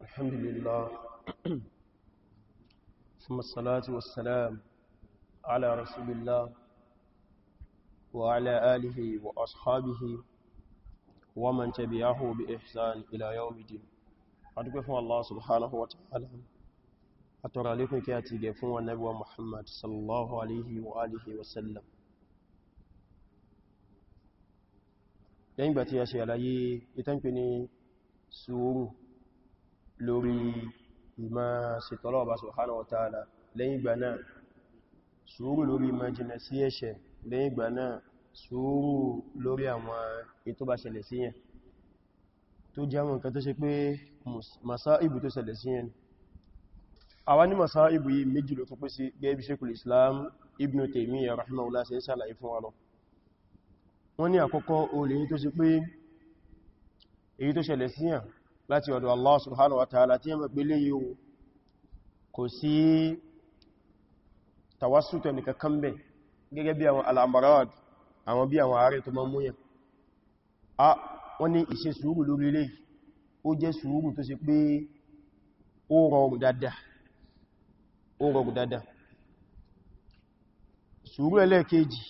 الحمد لله ثم الصلاة والسلام على رسول الله وعلى آله وأصحابه ومن تبعه بإحسان إلى يوم الدين أدقفوا الله سبحانه وتعالى أترى لكم كياتي قفوا النبو محمد صلى الله عليه وآله وسلم لأن باتي أشياء لأي يتنكني سوره lórí ìmá ṣètọ́lọ̀ ọba subhanahu wa ta'ala lẹ́yìn ìgbà náà sùúrù lórí ìmá jìnà sí ẹ̀ṣẹ̀ lẹ́yìn ìgbà náà sùúrù lórí àwọn ètò bá ṣẹlẹ̀ sí yẹn tó jẹ́ àwọn nǹkan tó ṣe pé masáìbù tó ṣẹlẹ̀ sí yẹn àwa ní masáìbù yìí méjì ló tún pín sí gẹ́bí Shaykhul Islam Ibn Taymiyyah rahimahullah ṣe ń ṣàlàyé fún wa lọ wọ́n ní àkọ́kọ́ olè yìí tó ṣe pé èyí tó ṣẹlẹ̀ sí yẹn láti ọ̀dọ̀ Allah subhanahu wa ta'ala tí yẹmọ̀ pẹ̀lẹ̀ yíò kò sí tàwásùtọ̀ ní kakambe gẹ́gẹ́ bí àwọn al'amarad àwọn bí àwọn ààrẹ tó mọ́ múyàn a wọ́n ní ìṣe sùúrù lórí ilé ó jẹ́ sùúrù tó sì pé ó rọrùn dáadáa sùúrù ẹlẹ́ẹ̀kejì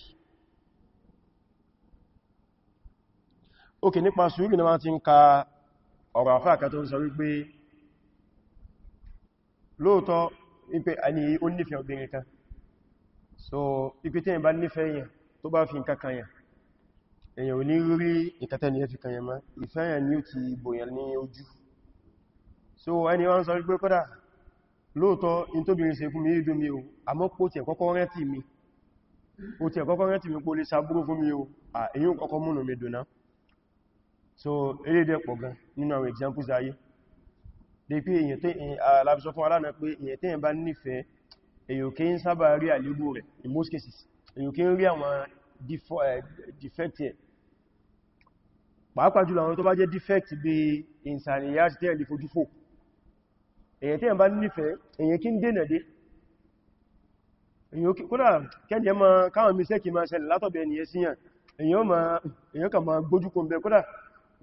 ókè nípa sùúrù náà ti ń ka ọ̀rọ̀ àfáàkà tó ń sọ wípé lóòtọ́ wípé a ní ó nífẹ̀ẹ́ obìnrin kan so wípé tí ìbá nífẹ̀ẹ́ yẹn tó bá fi nǹkan kan yẹn èyàn ò ní rí ìkàtẹ́ ni ẹ fi kan yẹn má ìfẹ́ yẹn ni ó ti bòyàn ní ojú so ẹni wọ́n sọ wípé kọ́dà lóòtọ́ in tóbìnrin ṣe fún mi rí mi o àmọ́ pò tí ẹ̀kọ́kọ́ rántí mi pò tí ẹ̀kọ́kọ́ rántí mi pò lè sàbúrò fún mi o èyí kọ́kọ́ múnú mi dùn náà so elédè pọ̀ gan nínú àwọn examples ayé dé pé èyàn tẹ́ eh, alábisọ fún aláàna pé èyàn tẹ́ bá nífẹ̀ẹ́ èyàn kí ń sábà rí àlébù rẹ̀ in most cases èyàn kí ń rí àwọn eh, defect ẹ̀ pàápàá jùlọ àwọn tó bá jẹ́ defect bí ìsànìyà ti tẹ́ ìlúfojúfò èyàn tẹ́ bá nífẹ̀ẹ́ èyàn kí ń dènà dé kódà kẹ́jẹ ma káwọn mi sẹ́kì máa ṣẹlẹ̀ látọ̀bẹ̀ ènìyàn síyàn èyàn kà máa gbójúkò ń bẹ kódà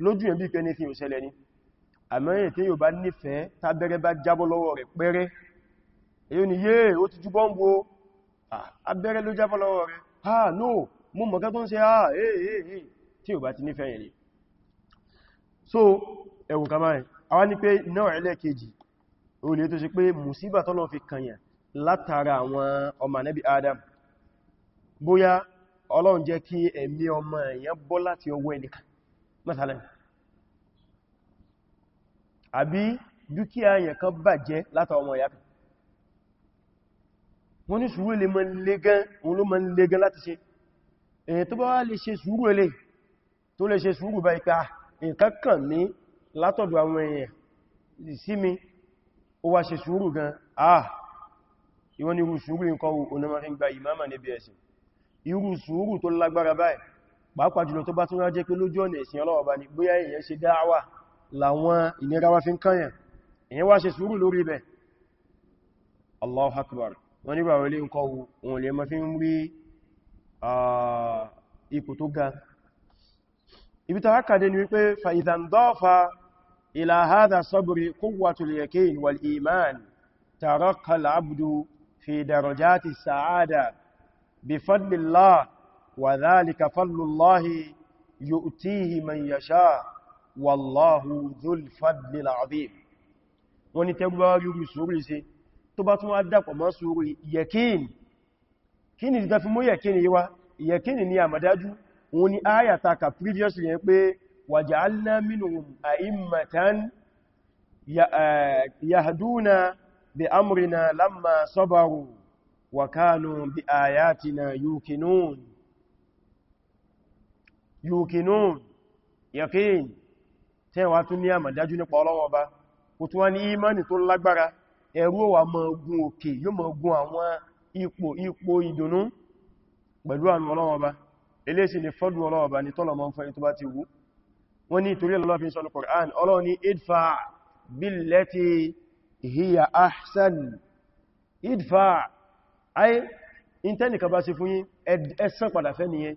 lójú ẹ̀bí pé nífin òṣẹlẹ̀ ni àmẹ́yìn tí yóò bá nífẹ̀ẹ́ tábẹ́rẹ́ bá jábọ́ lọ́wọ́ rẹ̀ pẹ́rẹ́ èyí ni yéè ó ti jú bọ́m̀bó abẹ́rẹ́ ló jábọ́ lọ́wọ́ rẹ̀ ha no mú mọ̀ká tó ń ṣe ha èèyè tí yóò bá ti nífẹ̀ẹ́ yẹn ni so ẹ̀wù kamáyìn àwa ní pé náà ẹlẹ́ẹ̀kejì olè tó ṣe pé mùsíbà tọ́lọ́ fi kànyàn látara Adam bóyá Ọlọ́run jẹ́ kí ẹ̀mí ọmọ èèyàn bọ́ láti ọwọ́ ẹnìkan mẹ́sàlẹ̀ àbí dúkìá yẹn kan bàjẹ́ látà ọmọ ìyá kan wọ́n ní sùúrù lè mọ́n lẹ́gán òun ló mọ́n lẹ́gán láti ṣe èyàn tó bá wá lè ṣe sùúrù ẹlẹ́ tó lè ṣe sùúrù bá ipa ah, nǹkan kàn ní látọ̀dọ̀ àwọn èèyàn sí mi ó wá ṣe sùúrù ah ìwọ́n ni irú sùúrù nǹkan onámarin gba ìmáàmà níbi ẹ̀sìn irú sùúrù pàápàá jùlọ tó bá tún rájẹ́ pé lójú ọ̀nà ìsìn ọlọ́wọ̀ bá ní bóyá èyàn ṣe dáwà láwọn ìnira wá fi ń kányàn èyàn wá ṣe sùúrù lórí ibẹ̀ Allahu Akbar wọ́n nígbà wọlé ń kọwu òun lè mọ́ fi ń rí ipò tó ga ibi ta وذلك فضل الله يؤتيه من يشاء والله ذو الفضل العظيم wọ́n ni tẹgbàwà yóò sùúrù sí tó bá tún wá dápọ̀ mọ́ sùúrù yẹ̀kín kí ni ìdáfi mú yẹ̀kín yíwá yẹ̀kín ni àmàdájú wọ́n ni ayata ka previously yẹn pé waja'alna minhum a'immatan yahduna bi amrina lamma sabaru wa kanu bi ayatina yuqinun yukinun yakin tẹ́wàá tún ní àmàdájú nípa ọlọ́wọ́ bá kò tún wá ní imani tó lágbára ẹ̀rú ó wá máa gun òkè yóò máa gun àwọn ipò ipò ìdùnnú pẹ̀lú àwọn ọlọ́wọ́ bá eléṣì ni fọ́dù ọlọ́wọ́ bá ní tọ́lọ̀ mọ́ fún ẹni tó bá ti wù wọ́n ní ìtorí Ọlọ́run padà fẹ́ nìyẹn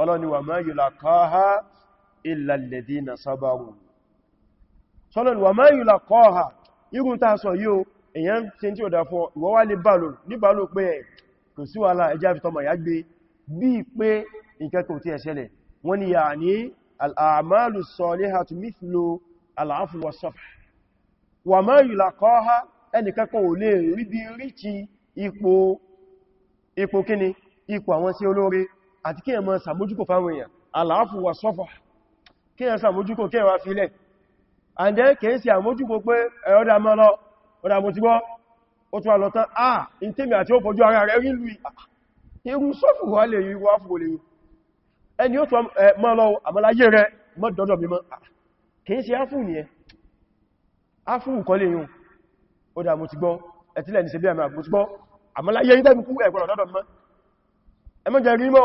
ọlọ́ni wà máa yulaqaha illa alladhina sabaru sọ́lọ́ni wà máa yulaqaha irun ta sọ yíò èyàn tí tí ó dá fún ìwọ wá lè bàlò níbàlò pé kò sí wàhálà ẹjá fi tọmọ ìyá gbé bí i pé ìkẹ́kọ̀ọ́ tí ẹ̀ṣẹ́lẹ̀ àti kí ẹmọ sàmójúkò fáwọn èèyàn aláàfù wà sọ́fà kí ẹ sàmójúkò kí ẹwà filẹ̀ and then kìí sí àmójúkò pé ẹ̀ọ́dà mọ́ lọ ọ̀dà ah in tèmi àti ó fojú ara rẹ̀ rí lùí ah, irú sọ́fù wà lè yí wá fò lè yí ẹni ó tún mọ́ ni ẹ áfù kọ́ lè yún ọ̀dà mo ti gbọ́ ẹ̀tílẹ̀ ní ṣe bí àmì àgbò ti gbọ́ àmọ́láyé rí tẹ́mi kú ẹmọ́ jẹ́ rí mọ́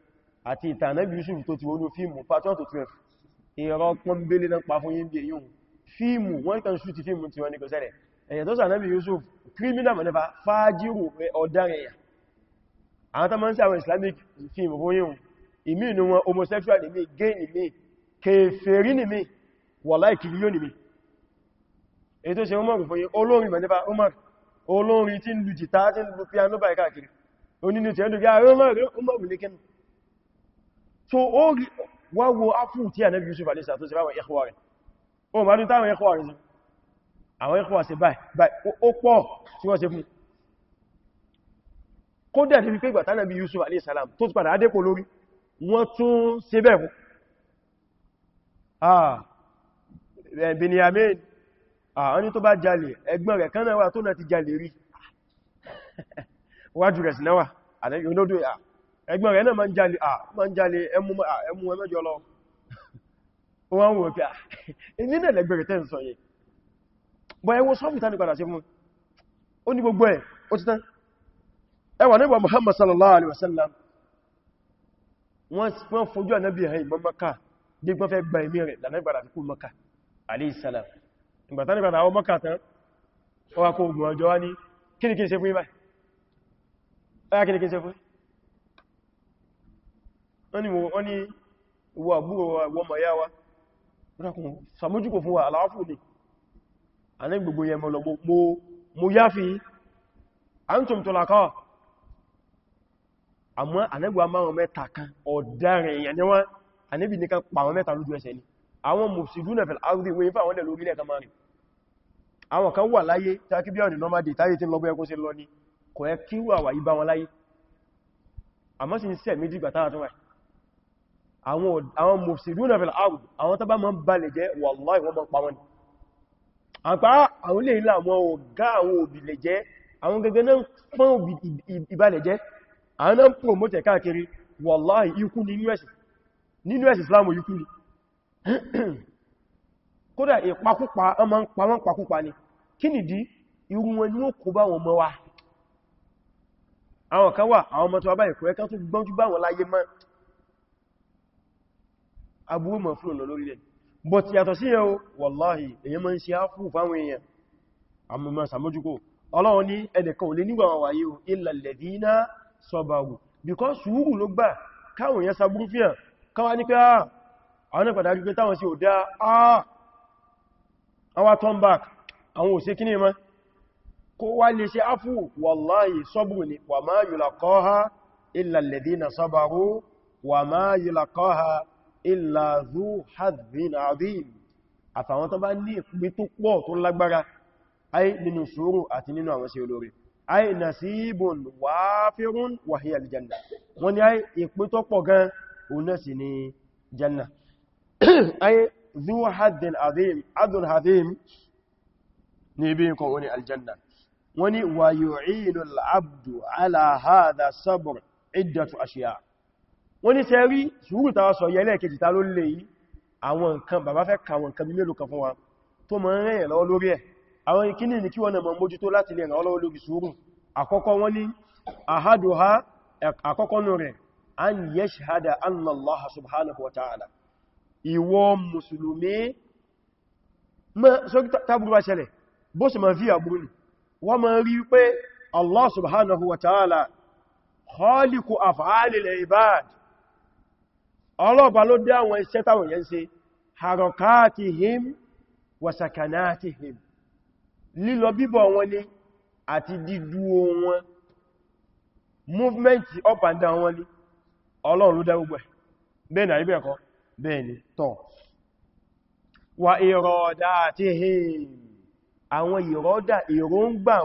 àti ìtànẹ́bì Yusuf tó ti wọnú fíìmù part 1 to 12 ìrọ pọ́nbélé náà pa fún yínbí èyí fíìmù wọ́n kàn ṣúti fíìmù tí wọ́n ní kò sẹ́rẹ̀ ẹ̀yẹ̀ tó sànẹ́bì Yusuf criminal manufa fájírù ọ̀darẹ̀yà àwọn tó máa ń sàwọn Islamic fíìmù fún yín ìmí inú wọn homosexual ni mí gay ni mí kèfèrí ni mí wàláì kìrìyó ni mí èyí tó ṣe Umar fún yín olórin manufa Umar olórin tí ń lu jìtá tí ń lu piano báyìí káàkiri onínú tẹ́lú bí i Umar Umar lè kẹ́nu so ó wá wo áfù tí ànábì Yusuf alisa tó sì ráwọn ẹ̀kọ́ rẹ̀ o ma dún táwọn ẹ̀kọ́ rẹ̀ sí àwọn ẹ̀kọ́ sí báyìí ó pọ̀ tí wọ́n ṣe fún kó dẹ̀ fi pé ìgbà tánàbí Yusuf alisalam tó ti padà adékò lórí wọ́n tún ṣe bẹ́ẹ̀ fún ah Benjamin ah wọ́n ní tó bá jalè ẹgbọ́n rẹ̀ kan náà wà tó náà ti jalè rí wájú rẹ̀ sí náà wà do it. ah ẹgbọ́n rẹ̀ náà ma ń jalè à ma ń jalè ẹmú ẹmẹ́jọ lọ wọ́n wò pé nínú ẹ̀lẹ́gbẹ̀rẹ̀ tẹ́ ń sọ yẹ bọ́ ẹwọ sọ́fìtà ní padà sí fún ó ní gbogbo ẹ̀ ó ti tán ẹwà nígbà Muhammad sallallahu alaihi wasallam wọ́n fojú ànábì ẹ̀hìn ìbọn maka dígbọ́n fẹ́ gba ẹ̀mí rẹ̀ lànà ìgbàdà kú maka alaihi salam ìgbàtà nígbàdà àwọn maka tán ọwà kó ogun ọjọ́ wá ní kíni kí n ṣe fún ibá kíni kí n ṣe fún ibá wọ́n ni wọ́n àbúrò wọ́n mọ̀ yáwa rákùn sàmójúkò fún wa aláwọ́fù ní àní gbogbo yẹ mọ̀lọ mo yá fi antum tọ́lákọ́ àmọ́ ànẹ́gbà márùn mẹ́ta kan ọ̀daràn èèyàn ni wọ́n ànẹ́bì ní kan pàwọn mẹ́ta lójú ẹsẹ̀ ni àwọn mufsiduna fil ardi wọ́n fà wọ́n lẹ̀ lórílẹ̀ kan márùn àwọn kan wà láyé tàbí bí ọ̀nà normal day tàbí tí lọ bóyá kó sí lọ ní kò ẹ kí wà wà yí bá wọn láyé àmọ́ sí ń sẹ̀ méjì gbà tára tó wáyé àwọn mufsiduna fil ard àwọn tó bá mọ́ balẹ̀ jẹ́ wallahi wọ́n mọ́ pa wọn àpá àwọn lè ilá àwọn ọ̀gá àwọn òbí lè jẹ́ àwọn gẹ́gẹ́ náà fún òbí ìbalẹ̀ jẹ́ àwọn náà promote káàkiri wallahi ikú nínú ẹ̀sìn nínú ẹ̀sìn islamu ikú ni wà àwọn ọmọ tó wá aburú mọ̀ fún ọ̀nà lórílẹ̀ but yàtọ̀ sí yẹn wàláhì èyàn máa ń ṣe áfù fáwọn èèyàn àmúmọ̀ sàmójúkò ọlọ́run ní ẹnìkan ò lè nígbà because sùúrù ló gbà káwọn èèyàn saburú fi hàn káwà ní pé ah àwọn náà padà gbígbé táwọn sí ò dá ah àwọn turn back àwọn òsè kí ní mọ́ kó wa ma yulaqaha illa alladhina illa dhu hadbin adhim àfàwọn tó bá ní ìpín tó pọ̀ tó lágbára ai nínú sùúrù àti nínú àwọn sí olóre ai nasibun wafirun wa hiya aljanna wọ́n ní ai ìpín tó pọ̀ gan òun náà sì ni janna ai dhu hadbin adhim adhun hadhim ní ibi nǹkan wọ́n ní aljanna wọ́n ní wa yu'inu al'abdu ala hadha sabr iddatu ashiya' wọ́n ní sẹ́rí sọ yẹlẹ́ kejì ta ló lè yí àwọn nǹkan bàbá fẹ́ ka nǹkan bí mélòó kan fún wa tó mọ̀ ń rẹ̀yẹ̀ lọ́wọ́ lórí ẹ̀ àwọn ìkíní ni kí wọ́n náà mọ̀ mójútó láti lè ràn lọ́wọ́ lórí sùúrù àkọ́kọ́ wọ́n ní àhádùhá àkọ́kọ́ an Allah subhanahu wa ta'ala ìwọ mùsùlùmí mọ́ ibad ọlọ́ọ̀bá ló dé àwọn iṣẹ́ táwọn yẹn ṣe harokatihim wasakanatihim lílọ bíbọ̀ wọn ni àti dídúó wọn movement up and down wọn ni ọlọ́run ló dá gbogbo ẹ̀ bẹ́ẹ̀ bẹ́ẹ̀ ni tọ́ wa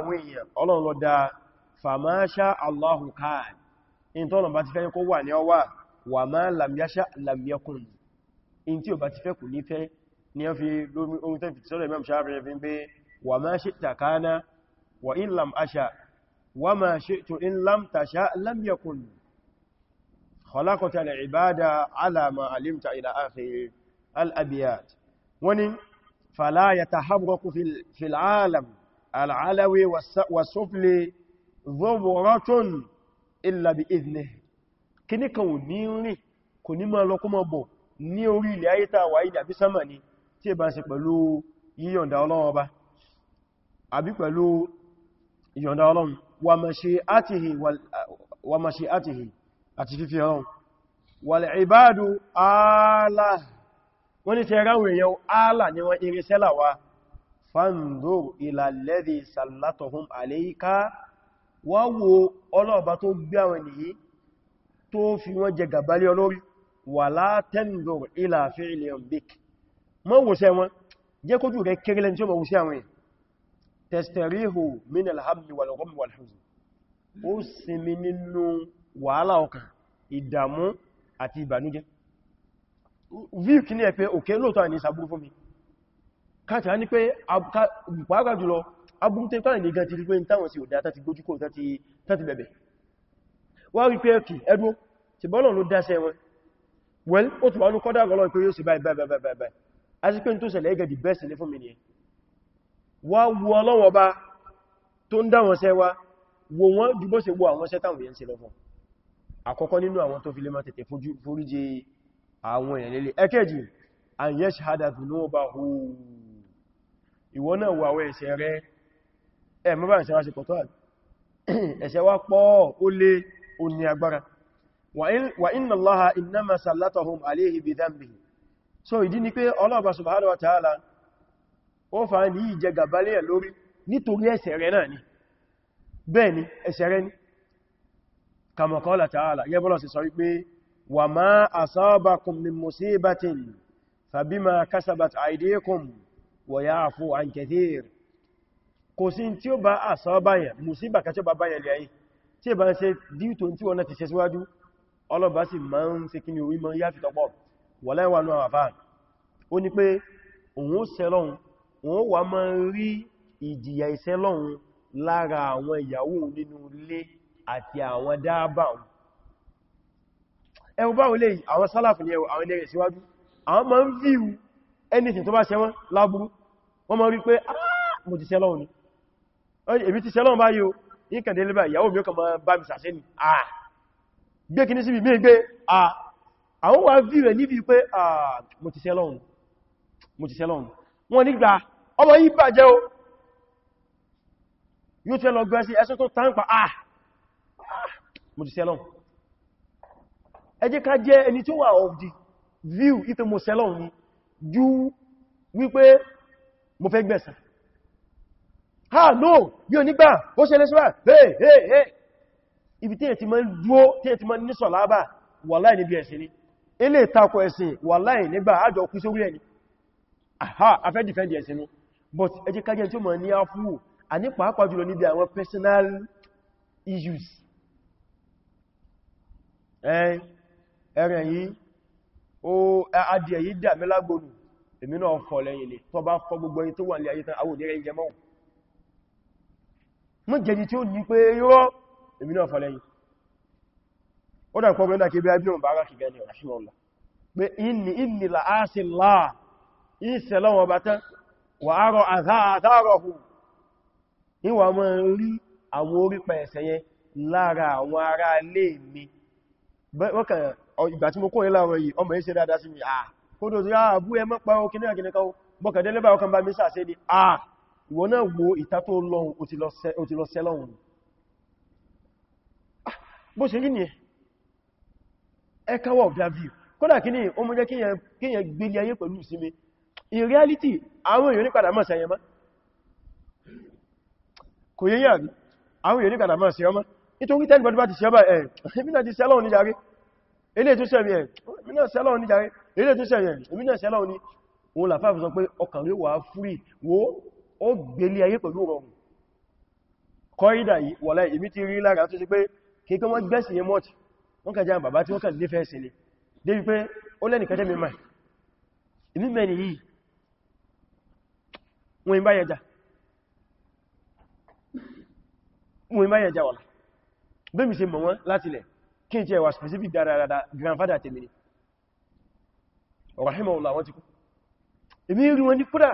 àwọn famasha Allahu in tọ́nà bá ti fẹ́ kó wà ní ọwà wà má làmíyáṣá làmíyákùn in tí ó bá ti fẹ́ kù ní fẹ́ ní a fi lómi ohun tẹ́ fi tí sọ́rọ̀ imam shafi'i fi ń pé wà má ṣe takana wà in lam aṣa wà má ṣe tó in lam tasha làmíyákùn khalaqta al-ibada ala ma alimta ila akhir al-abiyat wani fala yatahaqqaqu fil alam al-alawi was-sufli dhubratun illa bi idnihi kíní kan ò ní rìn kò ní máa lọ kó máa bọ̀ ní orí ilẹ̀ ayé tàà wáyé àbí sánmà ni tí è bá ń ṣe pẹ̀lú yíyọ̀nda ọlọ́run ọba àbí pẹ̀lú yíyọ̀nda ọlọ́run wa mashi'atihi àti fífí ọlọ́run wal ibadu ààlà tó fi wọ́n jẹ gàbálẹ́ olórí wala tanzur ila fi'li rabbik mọ́ wùsẹ́ wọn jẹ́ kójú rẹ̀ kérélẹ̀ tí ó mọ̀ wùsẹ́ àwọn ẹ̀ tastarihu min alhammi wal ghammi wal huzni ó sinmi nínú wàhálà ọkàn ìdàmú àti ìbànújẹ́ vik ní ẹ̀pẹ́ òkè lóòtọ́ ní sàbúrú fún mi káàkiri rí pé ẹ̀kì ẹdún ti bọ́lọ̀ ló dáṣẹ́ wọn well ó tún wà ní kọ́dá gọ́lọ́ pé yóò sì báyìí báyìí báyìí báyìí a sì pé tó ṣẹlẹ̀ ẹgẹ̀ di bẹ́ẹ̀sì ní fún mi nìyẹn wá wo ọlọ́wọ́ bá tó ń dáwọn ṣẹ́ wá wo wọ́n ju bó ṣe wo àwọn ṣẹ́ táwọn yẹn ṣe lọ fún an yashhada dhunubahu ìwọ náà wo àwọn ẹ̀ṣẹ̀ rẹ ẹ̀ mọ́ bá ń ṣe wá ṣe pọ̀ tó àti ẹ̀ṣẹ̀ pọ̀ ó lé ó agbára wa inna allaha innama sallatahum alayhi bi dhanbihi so ìdí ni pé Ọlọ́run subhanahu wa ta'ala ó fa ní ìjẹ gàbálẹ̀ lórí nítorí ẹ̀ṣẹ̀ rẹ̀ náà ni bẹ́ẹ̀ ni ẹ̀ṣẹ̀ rẹ̀ ni kama qala ta'ala yẹ́bọ́lọ̀ sí sọ wípé wa ma asabakum min musibatin fabima kasabat aydikum wa ya'fu an kathir kò sí tí ó bá asaba yẹn musiba kàtí ó bá báyẹ̀ lẹ́yìn tí ó bá ń ṣe díìtò tí wọ́n ti ṣe síwájú ọlọ́bá sì máa ń ṣe kí ni orí mọ́ yá fi tọ́pọ̀ wà láìwà ní àwàfà ó ní pé òun sẹ́lọ́un òun wà máa ń rí ìjìyà ìsẹ́lọ́un lára àwọn ìyàwó nínú ilé àti àwọn dáàbà ẹwọ báwo lè àwọn sálàfù ní ẹwọ àwọn ilé rẹ̀ síwájú àwọn máa ń view anything tó bá ṣe ah, ìyàwó mi ó kàn máa bá mi sàṣẹ́ ni ah gbé kìí síbi mí gbé àwọn wà bí rẹ̀ níbi pé mo ti sẹ́lọ́un wọn nígbà ọmọ yìí bàjẹ́ o yóò tẹ́ lọ gbẹ́ sí ẹsùn tó tánpa ah mo ti sẹ́lọ́un ẹ jẹ́ ká jẹ́ ẹni tó wà of the view ipe mo sẹ́lọ́un ni ju wípé mo fẹ́ gbẹ̀san ha no bí o nígbà ó ṣe lẹ́síwà hey hey hey ibi tí ẹ ti máa ń dúó tí ẹ ti máa ń nísọ̀ lábà wàláì níbi ẹ̀sìn ni ilé ìtakọ̀ ẹ̀sìn wàláì nígbà àjọ kú sórí ẹni àhá afẹ́ dìfẹ́ndì ẹ̀sìn ni but ẹ jẹ́ ká jẹ́ tí ó máa ní áfúrù àní pàápàá jùlọ níbi àwọn personal issues ẹ̀rẹ̀ yìí ó adìẹ yìí dà mí lágbòlù èmi náà fọ́ lẹ́yìn lè tọ́ bá fọ́ gbogbo ẹni tó wà ní ayé tán àwọn òdíẹ̀rẹ̀ ìjẹmọ́ mú jẹ́ni tí ó ní pé yóò èmi náà fọ́lẹ́yìn ó dà pọ̀gbọ́n náà kébí ibn Mubarak gani rahimahullah pé inni inni la asìlá ìṣẹ̀lọ́ wọn bá tán wà árọ̀ àzárọ̀hù níwà mọ́ rí àwọn orí pẹ̀ẹ̀sẹ̀ yẹn lára àwọn ará ilé mi ìgbà tí mo kó ilá náà wo ìta tó bó ṣe rí ní ẹ káwọ̀ ọ̀dá view kódà kí ní o mọ́ jẹ́ kíyàn gbélé ayé pẹ̀lú ìsinmi in reality àwọn èèyàn nípadà máa sẹ́yẹn má kò yẹ yàrí àwọn èèyàn nípadà máa sẹ́yẹn má nítorí tẹ́lì bọ́dí bá ti sẹ́yẹn bá ẹ̀ mínà ti sẹ́lọ́ ní jàrí ilé tó sẹ́yẹn ẹ̀ mínà sẹ́lọ́ ní jàrí ilé tó sẹ́yẹn ẹ̀ mínà sẹ́lọ́ ní òun làfáàfù sọ pé ọkàn rí wà fúrì wo ó gbélé ayé pẹ̀lú rọrùn kọ́ ìdà yìí wọ̀lá ìmí ti rí lára tó ṣe pé kí pé wọ́n gbẹ́sì yẹn mọ́tí wọ́n kàjá bàbá tí wọ́n kà nífẹ́ sí ni débi pé ó lẹ́nì kẹjẹ́ mímọ̀ ìmí mẹ́ni yìí wọ́n ìbá yẹjà wà bẹ́mi ṣe mọ̀ wọ́n láti lẹ̀ kí n tí ẹwà specific dáradára grandfather tèmi ni rahimahullah wọ́n ti kú èmi rí wọn ní kúrà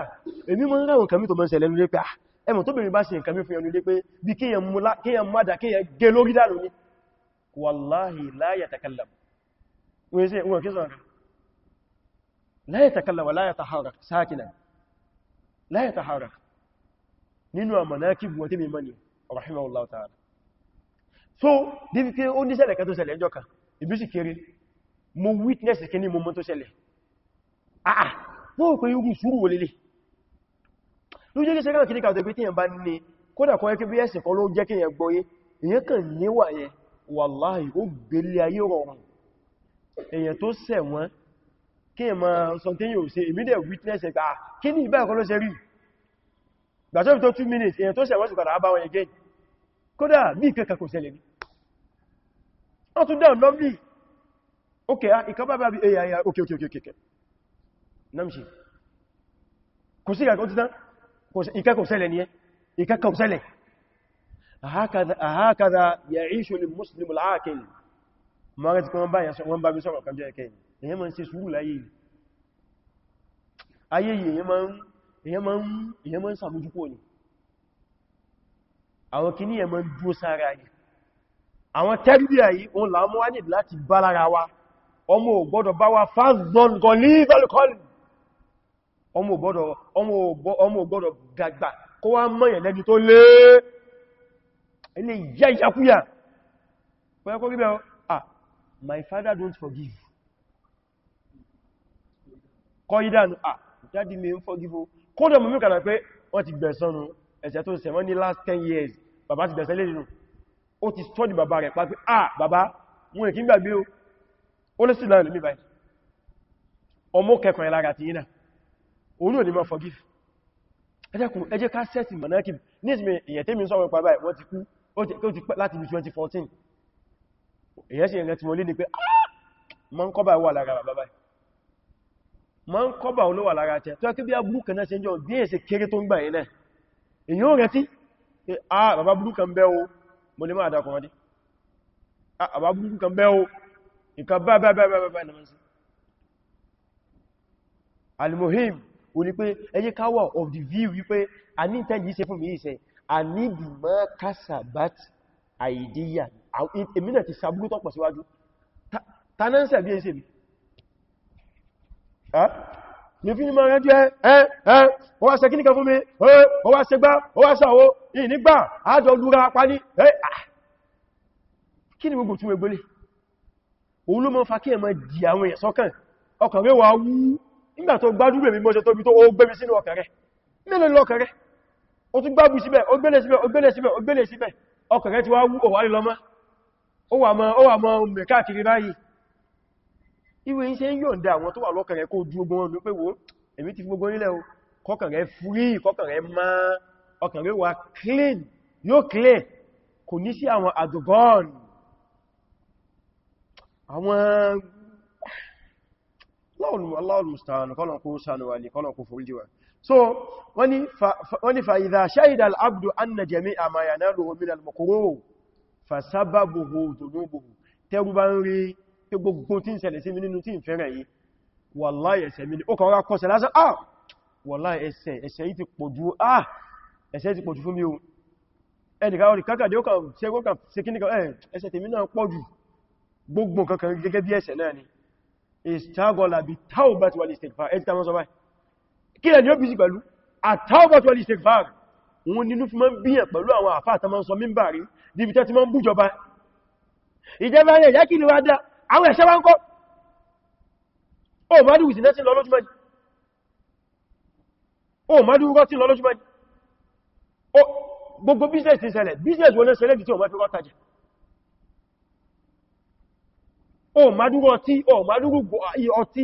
èmi mọ́ ń ráwọn kàmí tó ah, bèèrè bá ṣe nǹkan mí fún ẹnu lé pé bí kíyàn mú àdá kíyàn gẹ lórí dànù ní wallahi la yatakallam wai sai uwa kisan la yatakallam la yataharrak sakinan la yataharrak nínú amanakib wa timi mani rahimahullahu ta'ala so dibi pé ó ní ṣẹlẹ̀ kan tó ṣẹlẹ̀ njoka ibi sì kéré mo witness kini mo mo tó ṣẹlẹ̀ ah ah mo ko yugu sùúrù wo lele lo je ke se kan kini ka tí ẹ̀yàn bá ní kódà ko e ẹ̀sìn kan ló jẹ́ kí ẹ̀yàn gbọ́yé ẹ̀yàn kàn ní yẹn wàláhì ó gbélé ayé rọrùn èyàn tó ṣẹ̀ wọ́n kí ẹ máa sọtíyàn ò ṣe immediate witness ẹ̀kà ah, kí ní ìbá ẹ̀kọ́ ló ṣe rí gbàtọ́bí tó 2 minutes èyàn tó ṣẹ̀ wọ́n sì padà bá wọn again kódà bí ìkẹ́kẹ́ kò ṣẹlẹ̀ ní wọ́n tún okay ah, ìkan bá bá bí ẹ̀yà eh, okay okay okay okay namshi kò sí ìkẹ́kọ̀ọ́ ṣẹlẹ̀ ní ẹ ìkẹ́kọ̀ọ́ هكذا هكذا يعيش المسلم العاقل ما رت كون با yan wọ́n bá bi sọ̀rọ̀ kan je ke eyan man ṣe sùúrù láyé ayé eyan man eyan man eyan man samuju ko ni àwọn kini eyan man dúró sára yìí àwọn terbiya yìí wọ́n la mo wa ni láti balara wa ọmọ ò gbọ́dọ̀ bá wa fazon golizal qalb ọmọ ò gbọ́dọ̀ ọmọ ò gbọ́dọ̀ gàgbà kó wá mọ̀yàn lẹ́jú tó lé ilé ìyá ìyàkúyà pẹ́ẹ̀kọ́ rí ah my father don't forgive kọ́ yí dánù ah daddy mi ń forgive o kódà mú mìkànà pé wọ́n ti gbẹ̀sán nù ẹ̀ṣẹ̀ tó ṣẹ̀ wọ́n ní last 10 years bàbá ti gbẹ̀sán lè nù ó ti study bàbá rẹ̀ pàpẹ́ ah bàbá mú èkí gbàgbé o ó lè sí láàrín mi báyìí ọmọ kẹkàn ìlara ti yínà orí ò ní máa forgive ẹjẹ́ ká sẹ́sì mọ̀nákì ní ìsìnkú ìyẹ̀tẹ́mi sọ́wọ́ pàbáyì wọ́n ti kú láti bí 2014 èyàn sì ẹ̀rẹ́ tí mo lé ní pé ah! ma ń kọ́bà wà lára bàbá ma ń kọ́bà olówà lára tẹ́ tó ẹkí bí abúrúkà náà ṣe jọ bí èsẹ kéré tó ń gbà ẹ̀nà èyàn rẹ̀ tí ah bàbá burúkà ń bẹ́ o mo lè máa dákùnrin dí ah bàbá burúkà ń bẹ́ o ìkà bá bá bá bá bá ní mọ́ sí alimohim o ni pé ẹyẹ káwà of the view wípé a ní ìtẹ́ yìí ṣe fún mi ìṣẹ́ àníbì mọ́ kásàbát àìdíyà èmìnà ti sàbúrú tọ́pọ̀ síwájú tanánsẹ̀ bí ẹ̀ṣẹ́ mi ní fi ní máa rẹ́jú ẹ́ ẹ́ ó wá ṣe kíníkà fún mi ó wá ṣe gbá ó wá ṣàwó ìnígbà àjọ lúra apá ní ẹ́ kí ni gbogbo túnmọ̀ gbélé òun ló mọ́ fa kí ẹ má di àwọn èèyàn sọ́kàn ọkàn rẹ̀ wà wú nígbà tó gbádùn rẹ̀ mímọ́ tóbi tó ó gbẹ́mi sínú ọkàn rẹ̀ mélòó rẹ̀ ó tún gbábù síbẹ̀ ó gbélé síbẹ̀ ó gbélé síbẹ̀ ó gbélé síbẹ̀ ọkọ̀rẹ́ ti wá wú òwà lílọ́má ó wà mọ́ mẹ́ káàkiri báyìí ìwé ń ṣe àwọn tó wà lọ́kọ̀rẹ́ kó ju ogun ọdún pé wo gbogbo o kọkànrẹ́ free kọkànrẹ́ má ọkànrẹ́ wà clean yóò clean kò ní so wọ́n ni fa'idha shahida al'abdu anna jami'a ma yanaluhu min al-makruh fa sababuhu dhunubuhu tẹ́rù bá ń rí pé gbogbo tí ń ṣẹlẹ̀ sí mi nínú tí ń fẹ́rẹ̀ yìí wallahi ẹ̀ṣẹ̀ mi ni ó kọ̀ọ́rá kọsẹ̀ lásán ah wallahi ẹ̀ṣẹ̀ ẹ̀ṣẹ̀ yìí ti pọ̀jù ah ẹ̀ṣẹ̀ ti pọ̀jù fún mi o ẹnìkan rí kákàdé ó kàn ṣe ó kàn ṣe kíníkan ẹ̀ eh, ẹ̀ṣẹ̀ tèmi kí lẹ́ni ó bí sí pẹ̀lú àtàwọ̀bọ̀tọ̀ al-istighfar wọn nínú fi máa ń bíyàn pẹ̀lú àwọn àfáà tó máa ń sọ mímbà rí níbi tẹ́ ti máa ń bújọba ìjẹba rẹ̀ yá kí ni wá dá àwọn ẹ̀ṣẹ̀ wá ń kọ́ ó mádùú business ti ṣẹlẹ̀ business wọn ṣẹlẹ̀ bí tí ọmọ fi rọ́ tajà ó mádùú ọtí ó mádùú ọtí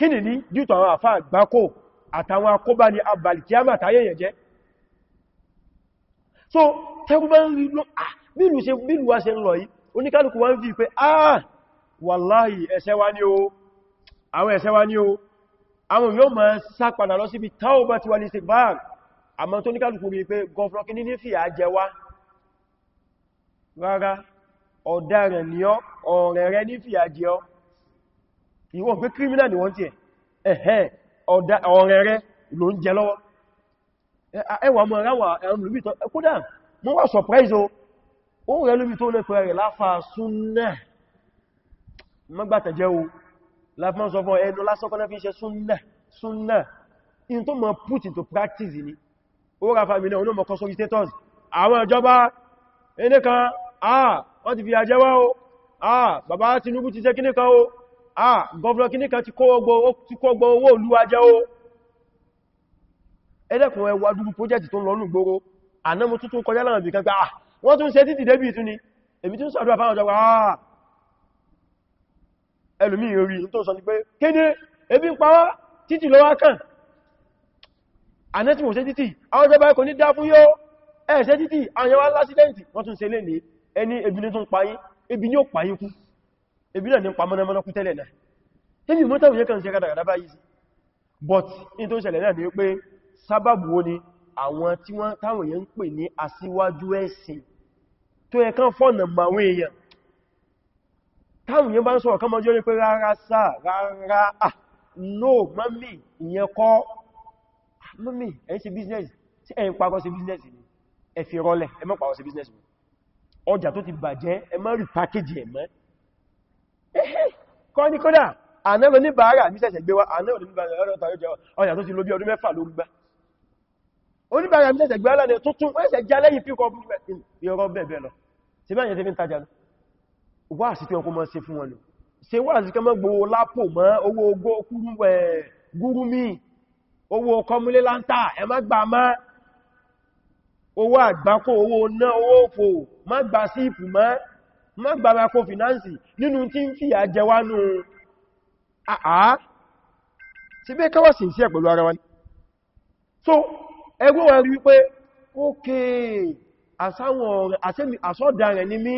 kí ni ní dìtò àwọn àfá àgbákò àtàwọn akóbá ní abàlì kí a máa tayé jẹ́ so tẹ́gbẹ́ ń rí lọ bílù ṣe bílù wá ṣe ń lọ yìí oníkálùkù wá ń fi pé ah wàláhì ẹ̀ṣẹ̀ wa ni o àwọn ẹ̀ṣẹ̀ wa ni o àwọn yóò máa sá padà lọ síbi táwọ̀bá ti wà ní istighfar àmọ́ ni ọ́ ìwọ̀n pé criminal. ni wọ́n tí ẹ̀ ẹ̀hẹ́ ọ̀rẹ́ rẹ ló ń jẹ lọ́wọ́ ẹwà mọ̀ ráwà ẹ̀rùn lóbi tó kódà mọ́ wà surprise o ó rẹ lóbi tó lè pẹ̀rẹ̀ láfà súnnà mọ́gbàtẹ̀jẹ́ o láfà sọ fún ẹnu lásọ́kọ́nà fi ṣe súnnà súnnà in tó into practice ni ó ráfà mi náà onímọ̀ kọsórí status àwọn ìjọba ẹnìkan ah wọ́n ti fi àjẹ́wá ah bàbá Tinubu ti ṣe kíníkan o ah gọ́ọ̀nà kìíní kan ti kó gbọ́ owó olúwa jẹ́ ó ẹlẹ́kùn ẹwà dúdú pọ́jẹ́tì tó ń lọ lùgbòrò ànámú tuntun kọjá láàrín bí kan pé ah wọ́n tún ṣe títì débì tún ni èmi tún sàdúrà fáwọn ọjọ́ ah ẹlùmí orí tó sọ ní pé kéde ebi ń pawá títì lọ wá kàn àná tí mo ṣe títì àwọn ọjọ́ báyìí kò ní dá fún yóò ẹ̀ ṣe títì àwọn yẹn wá lásídẹ́ǹtì wọ́n tún ṣe lé ní ẹni ebi náà ní pàmọ́nàmọ́nà kú tẹ́lẹ̀ náà ebi mọ́tàwù yẹ́ kan ṣe kádàrádá báyìí but in tó ṣẹlẹ̀ náà ni pé sábàbù wo ni àwọn tí wọ́n táwọn èèyàn ń pè ní aṣíwájú ẹ̀sìn tó yẹ kán fọ́nà màwọn èèyàn no mami ìyẹn ah, mami ẹ̀ ṣe business tí ẹ̀yin business ni ẹ fi business ọjà tó ti bàjẹ́ ẹ rí package ẹ̀ kọ́ ní kódà ànẹ́lò ní bàárà ní sẹ̀sẹ̀ gbé wá ànẹ́lò ní bàárà ọ̀rọ̀ tàbí jẹ́ ọ̀yà tó ti lo bí ọdún mẹ́fà ló gbá oníbàárà ní sẹ̀sẹ̀ gbé lánàá tuntun ó sẹ̀ já lẹ́yìn píkọ ìrọ̀ bẹ̀bẹ̀ lọ sí bẹ́ẹ̀ ti fi ń tajà lọ wá sí tí ọkọ̀ mọ́ sí fún wọn lọ ṣe wá sí kẹ́ mọ́ gbowó lápò mọ́ owó ogó kúrú ẹ̀ gúrú mi owó kọmúlé láńtà ẹ má gbà má owó àgbákò owó ná owó òfò má gbà síìpù mọ́ Ma gba microfinance nínú tí ń fìyà jẹ wá nù àá tí bẹ́ káwà sí sí ẹ̀ pẹ̀lú ara wa ní so ẹgbẹ́ wọn rí wípé ókè àsáwọn àsọ́dà rẹ̀ ní mí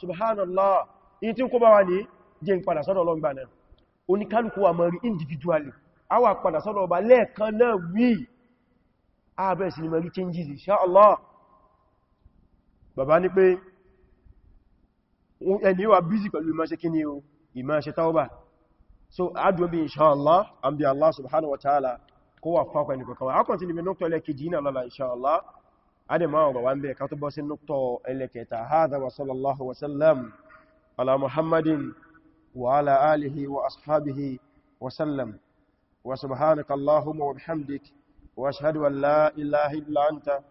subhanallah in tí ń kó bá wa ní jẹ́ ń padà sọ́dọ̀ ọlọ́gbà náà oníkálùkù wà mọ́ rí individually a wà padà sọ́dọ̀ ba lẹ́ẹ̀kan náà wí ààbẹ̀ sí ni changes insha bàbá ní pé ẹni wà bízi pẹ̀lú ìmáṣẹ́ kí ni o ìmáṣẹ́ taubá so adùn bí inṣáàlá àmì Allah subhanahu wa ta'ala kó wà fákọ ẹni kọkọwà akọ̀ tí ni nọ́tọ̀ ẹlẹ́kejì náà lọ́la inṣáàlá adẹ̀má ọ̀rọ̀ wa ń bẹ̀ ká tó bọ́ sí nọ́tọ̀ ẹlẹ́kẹta hadha wa sallallahu wa sallam ala muhammadin wa ala alihi wa ashabihi wa sallam